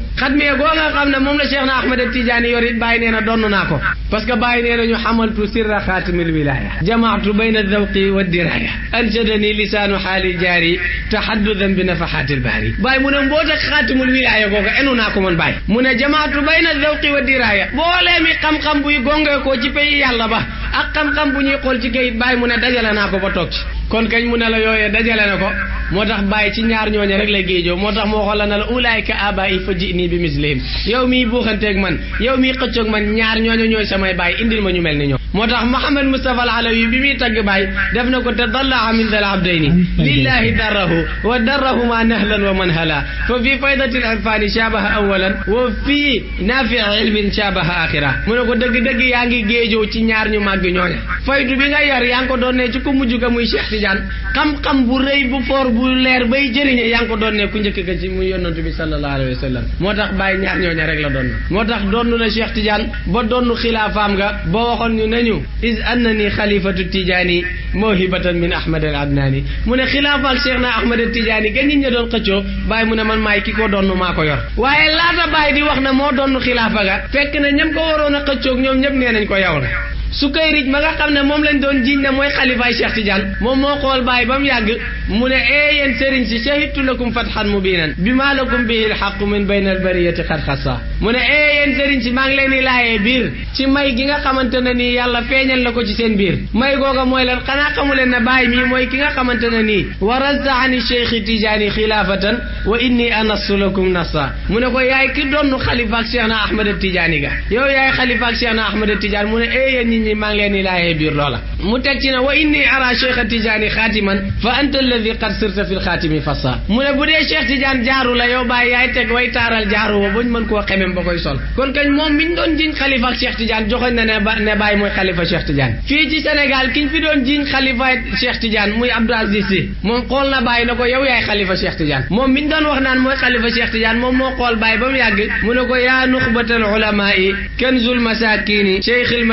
it bàyyi nee na donn naa ko parce que bàyyi nee na ñu xamaltu sirra xaatimil wilaaya jamaatu bayna dawqi wa diraya anjadani lisaanu xaali jaari taxaddudan bi nafaxaatil baari bàyyi mu ne mboot ak xaatimul wilaaya googa enu naa ko man bàyyi mu ne jamaatu bayna dawqi wa diraya boolee mi xam-xam buy gongee koo ci pays yàlla ba ak xam-xam bu ñuy xool ci kayit bàyyi mu ne dajale naa ko ba toog ci kon kañ mu ne la yooyee dajale na ko moo tax bàyyi ci ñaar ñooñu rek la géejoo moo tax moo xoolal na la ulaayka abaay fa ji nii bi mislihim yow miy buuxanteeg man yow miy xëccoog man ñaar ñooñu ñooy samay bàyyi indil ma ñu mel ni ñoom moo tax Mouhamed Moustapha Alawi bi muy tagg baay def na ko te dalla amin dal abdayni lillahi darrahu wa darrahuma nahlan wa manhala fa fii faydati l irfani shabaha awalan wa fii nafi ilmin shabaha axira mu ne ko dëgg-dëgg yaa ngi géejoo ci ñaar ñu màgg ñooña faydu bi nga yar yaa ngi ko doonne ci ku mujj ga muy Cheikh Tidiane xam-xam bu rëy bu foor bu leer bay jëriñe yaa ngi ko doonne ku njëkk ka ci muy yonantu bi sallallahu alayhi wa sallam moo tax baay ñaar ñooña rek la doon moo tax doonnu na Cheikh Tidiane ba doonnu xilaafaam nga ba waxoon ñu ne nañu is annani xalifatu tijaani mawhibatan min ahmad al adnaani mu ne xilaafaak cheikh na ahmad al tijaani ga nit ña doon xëccoo bàyyi mu ne man maay ki ko donn maa ko yor waaye laata bàyyi di wax na moo donn xilaafa ga fekk na ñam ko waroon a xëccoog ñoom ñëpp nee nañ ko yaw la Sukayrij ma nga xam ne moom lañ doon jiiñ ne mooy xalifaay Cheikh Tidiane moom moo xool bàyyi ba mu yàgg mu ne ee eh, yéen sëriñ si shahidtu lakum fathan mubinan bima lakum bihi alxaqu min bayna albariyati xad xassa mu ne ee eh, yéen sëriñ si maa ngi leen di laayee biir ci may gi nga xamante ne nii yàlla feeñal na ko ci seen biir may googa mooy lan xanaa xamu leen ne bàyyi mii mooy ki nga xamante ne nii warasta ani cheikhi Tidiane xilaafatan wa inni anastu lakum nasa mu ne ko yaay ki doon na Ahmad Tidiane ga yow yaay xalifaak Cheikh na Ahmad Tidiane mu eh, ñi maa ngi leen di laayee biir loola mu teg wa inni ara cheikh tijaani xaatiman fa anta mu ne bu dee cheikh jaaru la yow bàyyi yaay teg way taaral jaaru wo bañ mën koo xemem ba koy sol kon kañ moom miñ doon jiñ xalifa ak cheikh tidiane na ne ba ne bàyyi mooy xalifa cheikh tidiane fii ci sénégal kiñ fi doon jiñ xalifa cheikh tidiane muy abdou aziz si moom mu ne ko yaa nuxbatal ulama yi kenzul masakini cheikhil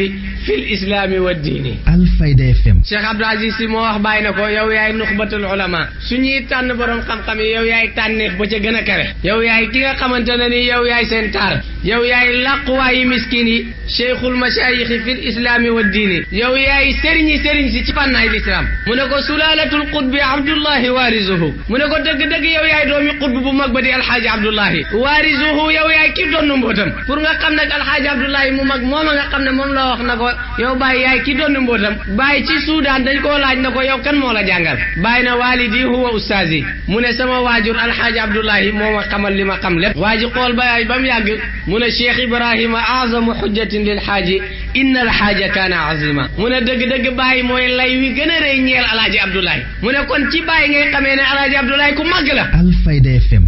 fi fil islaami wa diini. Alfayda FM. Cheikh Abdou Aziz si moo wax bàyyi na ko yow yaay nuxbatul ulama su ñuy tànn borom xam-xam yi yow yaay tànneef ba ca gën a kare. yow yaay ki nga xamante ne ni yow yaay seen taar. yow yaay làquwaayi miskin yi. cheikhul mashayixi fil islaami wa diini. yow yaay sëriñi sëriñ si ci fànnaay lislaam. mu ne ko sulaalatul qutbi Abdullahi waarisuhu. mu ne ko dëgg-dëgg yow yaay doomi qutb bu mag ba di alxaaji Abdullahi. waarisuhu yow yaay ki doon mbootam. pour nga xam nag alxaaji Abdullahi mu mag mooma nga xam ne moom la wax na ko yow bàyyi yaay ki doon mbootam bàyyi ci Suudaan dañ koo laaj na ko yow kan moo la jàngal bàyyi na waalidi huwa ustaazi mu ne sama waajur alxaaji abdullahi moo ma xamal li ma xam lépp waa ji xool ba yaay ba mu yàgg mu ne cheikh ibrahima azamu xujjatin lilxaaji inna alxaaja kaana azima mu ne dëgg-dëgg mooy lay wi gën a rëy ñeel alaaji abdullahi mu ne kon ci bàyyi ngay xamee ne alaaji abdullahi ku màgg la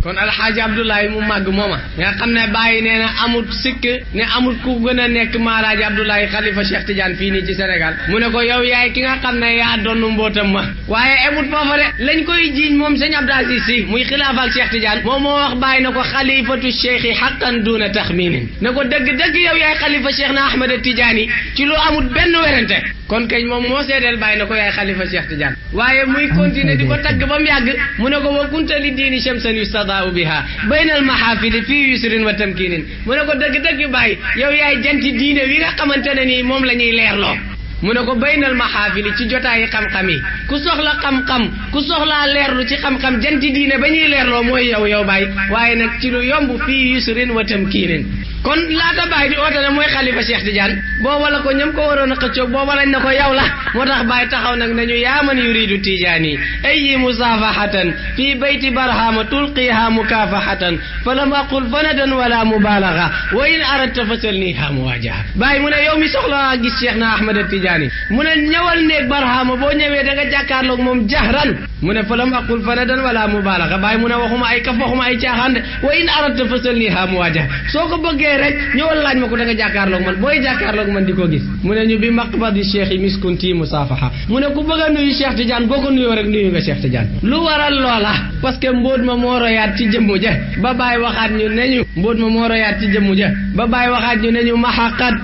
kon alxaaji abdoulaye mu màgg mooma nga xam ne bàyyi nee na amul sikk ne amul ku gën a nekk maalaaji abdoulaye xalifa cheikh tidiane fii nii ci sénégal mu ne ko yow yaay ki nga xam ne yaa donn mbootam ma waaye emut foofa de lañ koy jiiñ moom sëñ abdou aziz si muy xilaafa ak cheikh tidiane moom moo wax bàyyi na ko xalifatu cheikhi xaqan duuna taxminin na ko dëgg-dëgg yow yaay xalifa cheikh na ahmada tidiane ci lu amul benn werante kon kañ moom moo seedeel bàyyi na ko yaay xalifa cheikh tidiane waaye muy continuer di ko tagg ba mu yàgg mu ne ko wa kunta li diini shamsan yustada alqadaau biha bayna almahaafidi fii yusrin wa tamkinin mu ne ko dëgg-dëgg bay yow yaay janti diine wi nga xamante ne nii moom la ñuy leerloo mu ne ko baynal maxaafili ci jotaayi xam-xam yi ku soxla xam-xam ku leer lu ci xam-xam janti diine ba ñuy leerloo mooy yow yow bay waaye nag ci lu yomb fii yusrin wa tamkinin kon laata bàyyi di oote ne mooy xalifa Cheikh Tidiane booba la ko ñam ko waroon a xëccoog booba lañ na ko yow la moo tax bàyyi taxaw nag nañu yaaman yuridu tijaani ayi musaafahatan fii bayti barhama tulqiha mukaafahatan fa lam aqul fanadan wala mubalaga wa in aradta fasalniha muwajaha bàyyi mu ne yow mi soxla gis Cheikh na Ahmad Tidiane mu ne ñëwal néeg barhama boo ñëwee da nga jàkkaarloog moom jahran mu ne fa lam aqul fanadan wala mubalaga bàyyi mu ne waxuma ay kaf waxuma ay caaxaan de wa in aradta fasalniha muwajaha soo ko bëggee ñëwee rek ñëwal laaj ma ko da nga jàkkaarloog man booy jàkkaarloog man di ko gis mu ne ñu bi maqbadi cheikh yi miskunti musaafaha mu ne ku bëgg a nuyu Cheikh Tidiane boo ko nuyoo rek nuyu nga Cheikh Tidiane lu waral loola parce que mbóot ma moo royaat ci jëmm ja ba bàyyi waxaat ñu ne ñu mbóot ma moo royaat ci jëmm ja ba bàyyi waxaat ñu ne ñu maxaqat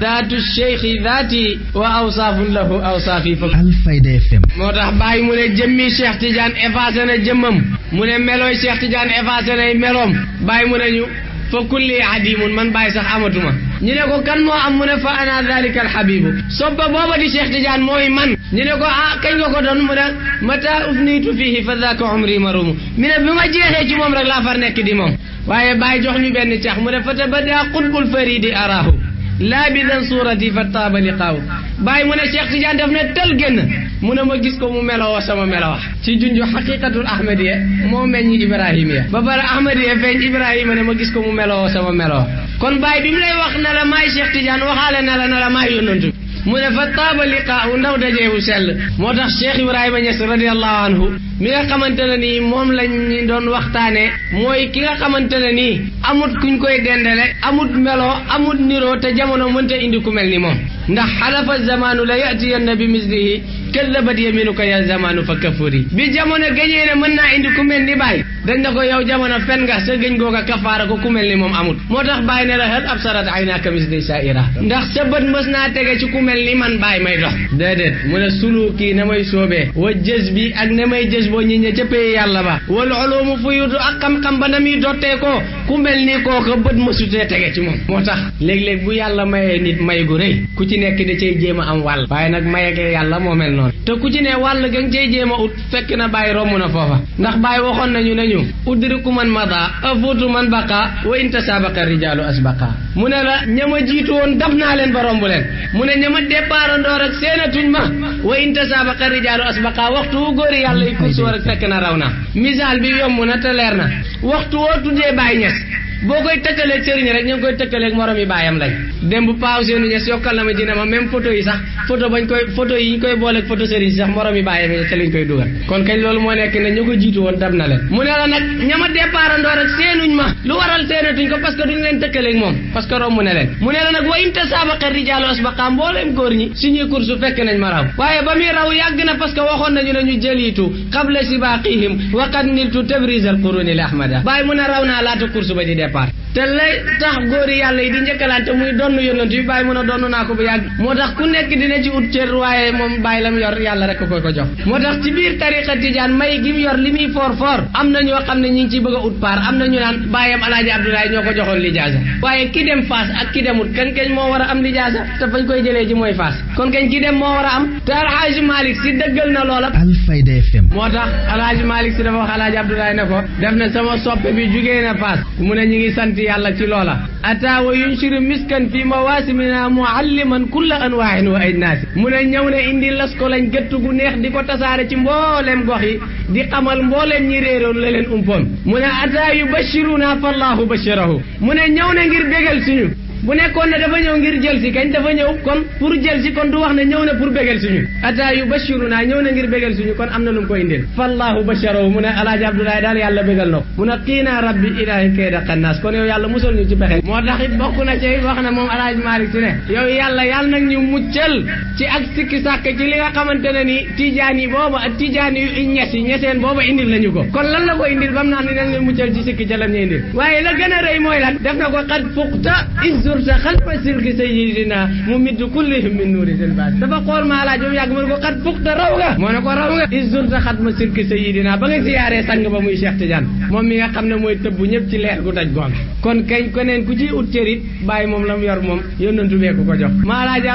daatu cheikhi daati wa awsaafun lahu awsaafi fa Alfayda FM moo tax bàyyi mu ne jëmmi Cheikh Tidiane effacé na jëmmam mu ne melooy Cheikh Tidiane effacé nay meloom bàyyi mu ne ñu fa kulli adimun man bàyyi sax amatuma ñu ne ko kan moo am mu ne fa ana dalika alxabibu soppa booba di Cheikh Tidiane mooy man ñu ne ko ah kañ nga ko doon mu ne mata ufnitu fihi fa daka umri marumu mi ne bi ma jeexee ci moom rek laa far nekk di moom waaye bàyyi jox ñu benn cax mu ne fa tabada qutbul faridi arahu laabidan surati fa taaba liqaawu bàyyi mu ne Cheikh Tidiane daf ne tel génn mu ne ma gis ko mu melowoo sama melowax ci junj xaqiqatul ahmadiya moo meññ ibrahimiya ba pare ahmadiya feeñ ibrahima ne ma gis ko mu melowoo sama melowax kon baay bi mu lay wax ne la maay Cheikh Tidiane waxaale ne la ne la maay yónnantu mu ne fa taaba wu ndaw dajeebu sell moo tax Cheikh Ibrahima Niass radiallahu anhu mi nga xamante ne nii moom lañ doon waxtaanee mooy ki nga xamante ne nii amut kuñ koy dendale amut meloo amut niroo te jamono mënta indi ku mel ni moom ndax xalafa zamaanu la na bi mis mislihi kazabat ko ya zamaanu fa kafuri bi jamono gëñee ne mën naa indi ku mel ni Baye dañ na ko yow jamono fen nga sa gëñ googa kafaara ko ku mel ni moom amut moo tax Baye ne la hal absarat aynaka misli saira ndax sa bët mës naa tege ci ku mel ni man Baye may na may soobee wa jës bi ak na may jës bis boo ñëwee ca pay yàlla ba wal ulumu fuyutu ak xam-xam ba na muy dottee ko ku mel ni kooka bët ma sutee tege ci moom moo tax léeg-léeg bu yàlla mayee nit may gu rëy ku ci nekk da cay jéem am wàll waaye nag mayegee yàlla moo mel noonu te ku ci ne wàll gan nga cay jéem a ut fekk na bàyyi romb na foofa ndax bàyyi waxoon nañu nañu udriku man mada afuutu man baqa wa in tasabaqa rijaalu asbaqa mu ne la ñama jiitu woon dab naa leen ba romb leen mu ne ñama départ ndoor ak seenatuñ ma wa in tasabaqa rijaalu asbaqa waxtu wu góori yàlla yi suwar ak fekk na raw na misaal bi yomb na te leer na waxtu woo tuddee Baay Ñas boo koy tëkkalee sëriñ rek ñu ngi koy tëkkaleeg morom yi baayam lañ démb paaw seenu ñes yokkal na ma dina ma même photo yi sax photo bañ koy photo yi ñu koy booleeg photo sëriñ sax morom yi baayam yi ca lañ koy dugal kon kañ loolu moo nekk ne ñu ko jiitu woon dab na leen mu ne la nag ñama départandoo rek seenuñ ma lu waral seenatuñ ko parce que duñ leen tëkkaleeg moom parce que romb na leen mu ne la nag wa inta saabaqa rijaalu asbaqa mbooleem départ te lay tax góori yàlla yi di njëkkalante muy donn yonent bi bàyyi mën a donn naa ko bu yàgg moo tax ci biir tariqa tijaan may gi mu yor li muy foor foor am na ñoo xam ne ñi ngi bëgg a ut paar am na ñu naan bàyyam alaaji abdoulaye ñoo ko joxoon lijaasa waaye ki dem faas ak ki demut kan kañ moo war a am lijaasa te koy jëlee ji mooy faas kon kañ ki dem moo war a am te alaaji malik si dëggal na loola moo tax alaaji malik si dafa wax alaaji ñu ngi sant yàlla ci loola ataa wa yunshiru miskan fii mawaasimina mualliman kulla anwaahin wa ajnaasi mu ne ñëw indi las ko lañ gëtt gu neex di ko tasaare ci mbooleem gox yi di xamal mbooleem ñi réeroon la leen umpoon mu ne ataa yubashiruna fallahu bashirahu mu ne ñëw ne ngir bégal suñu bu nekkoon ne dafa ñëw ngir jël si kañ dafa ñëw kon pour jël si kon du wax ne ñëw na pour bégal suñu ataa yu bashiruna ñëw na ngir bégal suñu kon am na lu mu koy indil fallaahu basharahu mu ne alaaji abdoulaye daal yàlla bégal na ko mu ne qiinaa rabbi ilaahi kayda xannaas kon yow yàlla musal ñu ci pexe moo tax it bokk na ci wax na moom alaaji maalik su ne yow yàlla yàlla ñu muccal ci ak sikki sàkk ci li nga xamante ne yi booba ak tijaan yu ñes ñeseen booba indil ko kon lan la ko indil ba mu a rëy mooy lan tursa xalfa silki sayyidina mu midd kullihim min nuuri silbaas dafa xool maa ba mu yàgg mu ne ko xat fuxta raw nga moo ne ko raw nga is tursa xatma silki sayyidina ba nga siyaaree sang ba muy Cheikh Tidiane moom mi nga xam ne mooy tëbb ñëpp ci leer gu daj googa kon kañ keneen ku ci ut cërit bàyyi moom la mu yor moom yónnantu bee ku ko jox maa laaj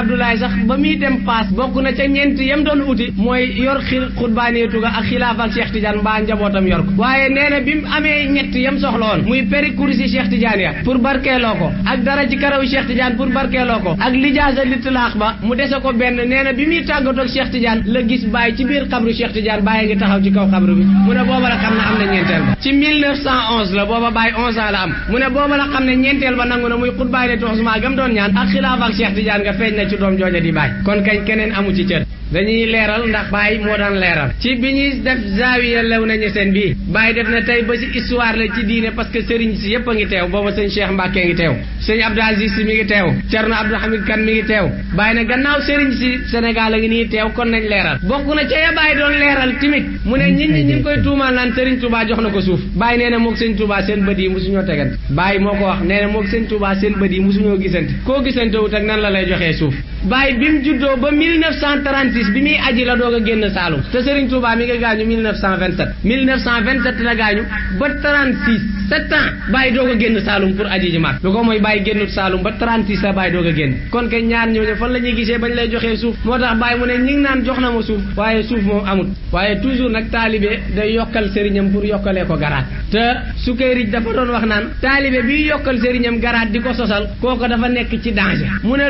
sax ba muy dem paas bokk na ca ñeent yam doon uti mooy yor xir xutbaaneetu ga ak xilaaf ak na bi mu amee ñett yam soxla woon muy péri kursi Cheikh Tidiane ya pour barkeeloo ko ak dara ci karaw Cheikh Tidiane pour barkeeloo ko ak lijaasa litlaax ba mu dese ko benn nee na bi muy tàggatoo ak Cheikh Tidiane la gis bàyyi ci biir xabru Cheikh Tidiane bàyyi ngi taxaw ci kaw xabru bi mu ne booba la xam ne am na ñeenteel ba ci 1911 la booba bàyyi 11 ans la am mu ne booba la xam ne ñeenteel ba nangu na muy xutbaay ne tu Usmaan gam doon ñaan ak xilaaf ak Cheikh Tidiane nga feeñ na ci doom jooja di bàyyi kon kañ keneen amu ci cër dañuy leeral ndax Baye moo daan leeral ci bi ñuy def zaawiya lew nañu seen bii Baye def na tey ba ci histoire la ci diine parce que sëriñ si yëpp a ngi teew booba sëñ Cheikh Mbacke ngi teew sëñ Abdou Aziz mi ngi teew Thierno Abdou Hamid Kane mi ngi teew Baye na gannaaw sëriñ si Sénégal a ngi nii teew kon nañ leeral bokk na ca ya Baye doon leeral timit mu ne ñit ñi ñu koy tuumaal sëriñ Touba jox na ko suuf Baye nee na moog sëñ Touba seen bët yi musuñoo tegante Baye moo ko seen bët koo gisante wut ak nan la lay joxee suuf bis bi muy aji la doog a génn Saalum te Serigne Touba mi ngi gaañu la gaañu ba 36 7 ans bàyyi doog a génn Saalum pour aji ji mat lu ko mooy bàyyi génnut Saalum ba 36 la bàyyi doog a génn kon ke ñaar ñooñu fan la ñuy gisee bañ lay joxee suuf moom amut waaye toujours nag taalibe day yokkal sëriñam pour yokkalee ko garaat te Sukayri dafa doon wax naan taalibe bi yokkal sëriñam garaat di ko sosal kooku dafa nekk ci danger mu ne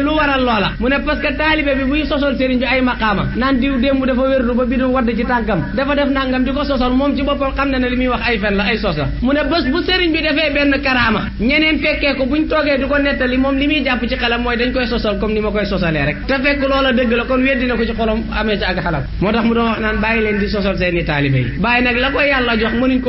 ma naan diw démb dafa wérdu ba bidon wadd ci tànkam dafa def nangam di ko sosal moom ci boppam xam na li muy wax ay fen la ay sos mu ne bés bu sëriñ bi defee benn karaama ñeneen fekkee ko buñ toogee di ko nettali moom li muy jàpp ci xelam mooy dañ koy sosal comme ni ma koy sosalee rek te fekk loola dëgg la kon weddi ko ci xolom amee ci ak xalam moo tax mu doon wax naan bàyyi leen di sosal seeni taalibe bàyyi nag la ko yàlla jox mënuñ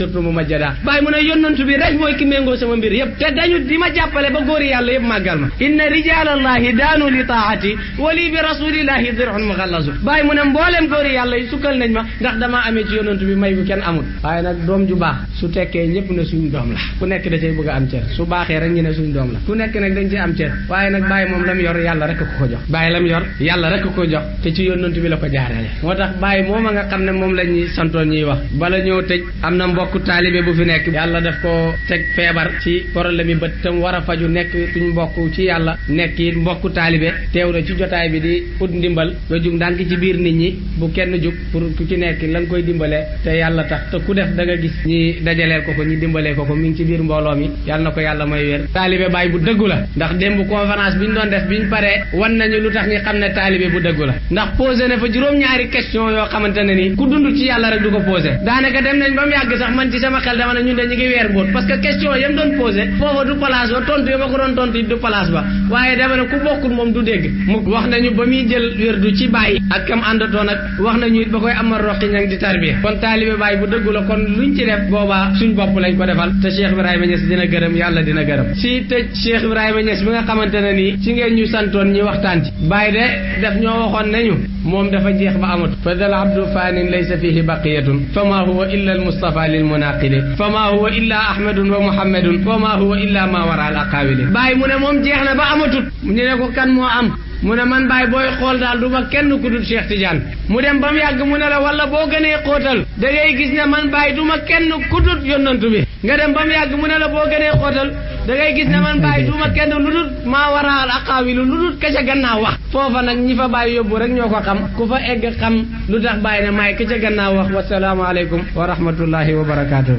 koo ma jada bàyyi mu ne yonantu bi rek mooy ki méngoo sama mbir yëpp te dañu di ma jàppale ba góori yàlla yëpp màggal ma inna rijalallahi daanu li taati wali bi rasulillahi dirhun muxallasu bàyyi mu ne mbooleem góori yàlla yi sukkal nañ ma ndax damaa amee ci yonantu bi may gu kenn amul waaye nag doom ju baax su tekkee ñëpp ne suñ doom la ku nekk da cay bëgg a am cër su baaxee rek ñu ne suñ doom la ku nekk nag dañ ci am cër waaye nag bàyyi moom la ko taalibe bu fi nekk yàlla daf ko teg feebar ci problème yi bët tam war a faju nekk suñ mbokk ci yàlla nekk it mbokku taalibe teew na ci jotaay bi di ut ndimbal nga jug ndànk ci biir nit ñi bu kenn jug pour ku ci nekk la nga koy dimbalee te yàlla tax te ku def da nga gis ñi dajaleel ko ko ñi dimbalee ko ko mu ngi ci biir mbooloo mi yàlla na ko yàlla may wér taalibe baay bu dëggu la ndax démb conférence bi ñu doon def bi ñu paree wan nañu lu tax ñu xam ne taalibe bu dëggu la ndax posé na fa ñaari question yoo xamante ne ni ku dund ci yàlla du ko posé sama xel dama ne ñun de ñu ngi weer mbóot parce que question yam doon posé foofa du ma ko defal te Cheikh Ibrahima Niass dina gërëm yàlla dina gërëm si tëj Cheikh Ibrahima Niass bi nga xamante nii si ngeen ñu santoon ñu waxtaan ci bàyyi de daf ñoo waxoon nañu moom dafa jeex ba amatu fa dal abdu faanin laysa fihi baqiyatun fa ma huwa illa al mustafa lil munaqi baatili fa maa huwa illa ahmadun wa muhammadun wa maa huwa illa ma wara al aqaawili baay mu ne moom jeex na ba amatut ñu ne ko kan moo am mu ne man boo booy xool daal du ma kenn ku dul Cheikh Tidiane mu dem ba mu yàgg mu ne la wala boo gënee xóotal da ngay gis ne man baay du ma kenn ku dul yonantu bi nga dem ba mu mu ne la boo gënee xóotal da ngay gis ne man bàyyi tuuma kenn lu dul maa waral aqaawilu lu dul ka gannaaw wax foofa nag ñi fa bàyyi yóbbu rek ñoo ko xam ku fa egg xam lu tax bàyyi na maay ka gannaaw wax wa wasalaamualeykum wa rahmatullahi wa barakaatu.